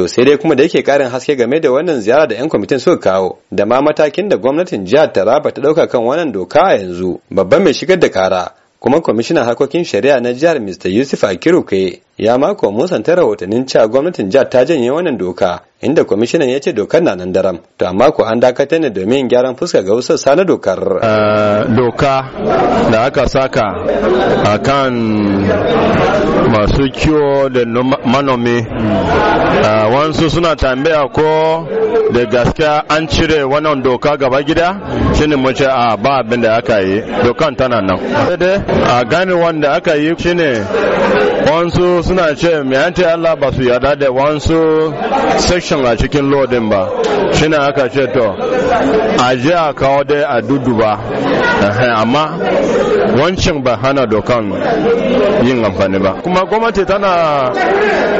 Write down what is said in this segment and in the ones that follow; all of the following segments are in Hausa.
to sai dai kuma da yake karin haske game da wannan ziyara da 'yan kwamitin suka kawo da ma matakin da gwamnatin jihar taraba ta ɗauka kan wannan doka a yanzu babban mai shigar da kara kuma kwamishinan harkokin shari'a na jihar mr yusuf kai. ya mako ta rahotannin cewa gwamnatin jihar ta janye wannan doka inda kwamishinan ya ce dokar na nan daram to amma ko an dakatar ne domin gyaran fuska ga wasu sana dokar eh, doka da aka saka a kan masu kiwo da manomi eh, wansu suna tambaya ko da gaskiya an cire wannan doka gaba gida shi mu ce a ah, ba abin da aka yi dokan tana nan a gani wanda aka yi shine wansu suna ce mai Allah ba su yada da wansu section a cikin lodin ba shine aka ce to a je a kawo dai a dudu ba amma wancan ba hana dokan yin amfani ba kuma gwamnati tana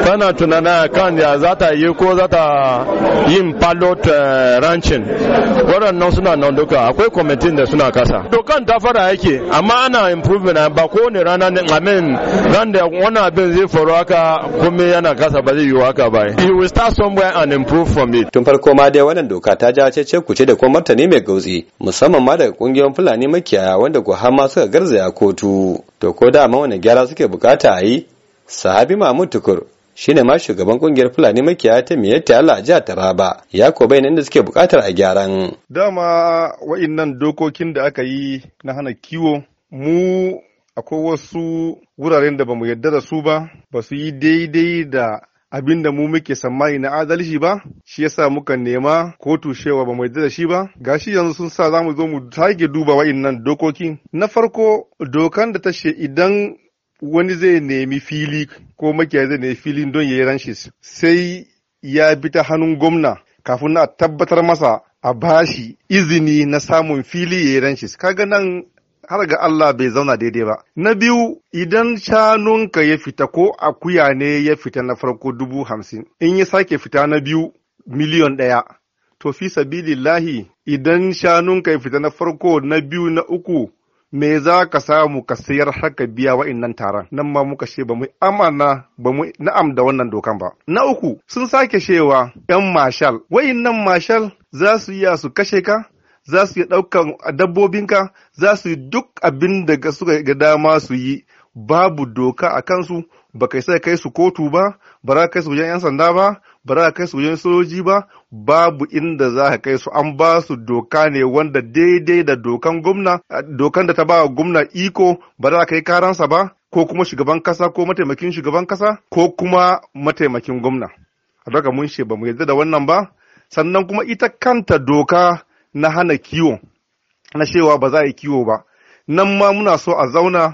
tana tunana kan ya za ta yi ko za ta yin pilot eh, ranchin waɗannan suna nan duka akwai kwamitin da suna kasa dokan ta fara yake amma ana improvement ba ne rana ne amin ran da wani abin zai faru haka kuma yana kasa ba zai yiwu haka ba he will start somewhere and improve from it tun farko ma dai wannan doka ta ja ce kuce da kuma martani mai gautsi musamman ma daga kungiyoyin fulani makiyaya wanda ko har ma suka garzaya kotu to ko da ma wani gyara suke bukata a yi sahabi mahmud tukur shine ma shugaban kungiyar fulani makiyaya ta miyatta Allah a jihar Taraba ya ko nan da suke bukatar a gyaran dama wa'innan dokokin da aka yi na hana kiwo mu akwai wasu wuraren da ba mu yarda da su ba ba su yi daidai da abin da mu muke sammani na adalci ba shi yasa muka nema kotu tushewa ba mu yarda da shi ba gashi yanzu sun sa zamu zo mu tage duba wa'annan dokoki na farko dokan da ta idan wani zai nemi fili ko makiyayi zai nemi filin don yayi yi sai ya bi ta hannun gwamna kafin na tabbatar masa a bashi izini na samun fili ya yi ranshis kaga nan har ga Allah bai zauna daidai ba. Na biyu idan shanunka ya fita ko akuya ne ya fita na farko dubu hamsin in ya sake fita na biyu miliyon ɗaya. To fi sabilillahi idan shanunka ya fita na farko na biyu na uku me za ka samu ka sayar har ka biya wa'innan taron nan ma muka ce ba mu amana ba mu na'am da wannan dokan ba na uku sun sake shewa yan mashal wa'innan mashal za su iya su kashe ka za su iya ɗaukan dabbobinka za su yi duk abin da suka ga dama su yi babu doka a kansu ba kai sai kai su kotu ba ba za kai su wajen 'yan sanda ba ba za kai su wajen sojoji ba babu inda za ka kai su an ba su doka ne wanda daidai da dokan gwamna dokan da ta ba gwamna iko ba za kai karansa ba ko kuma shugaban kasa ko mataimakin shugaban kasa ko kuma mataimakin gwamna a daga mun ba mu yarda da wannan ba sannan kuma ita kanta doka na hana kiwo na cewa ba za a yi kiwo ba nan ma muna so a zauna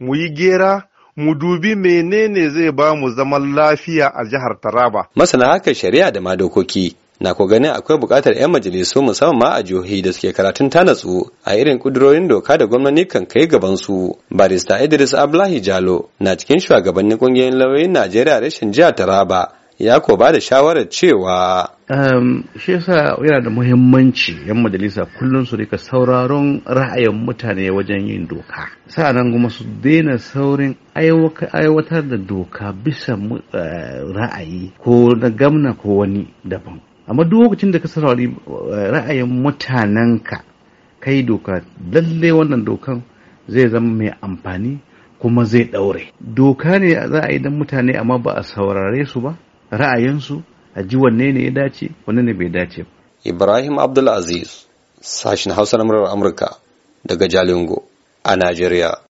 mu yi gera mu dubi menene zai ba mu zaman lafiya a jihar Taraba. Masana haka shari'a da ma dokoki na ko ganin akwai buƙatar 'yan majalisu musamman ma a jihohi da suke karatun tanatsu a irin ƙudurorin doka da gwamnati kan kai gabansu. Barista Idris Ablahi Jalo na cikin shugabannin ƙungiyoyin lauyoyin Najeriya rashin jihar Taraba ya ko ba da shawarar cewa ehm, shi yasa yana da muhimmanci yan majalisa kullum su rika sauraron ra'ayin mutane wajen yin doka sa'anan kuma su daina saurin aiwatar da doka bisa eh, ra'ayi ko na gamna ko wani daban amma duk lokacin da ka saurari eh, ra'ayin mutanenka kai doka lalle wannan dokan zai zama mai amfani kuma zai ɗaure doka ne za a yi don mutane amma ba a saurare su ba ra'ayinsu a ji wanne ne ya dace wanne ne bai dace ba ibrahim abdulaziz sashen hausa na murar amurka daga jalingo a najeriya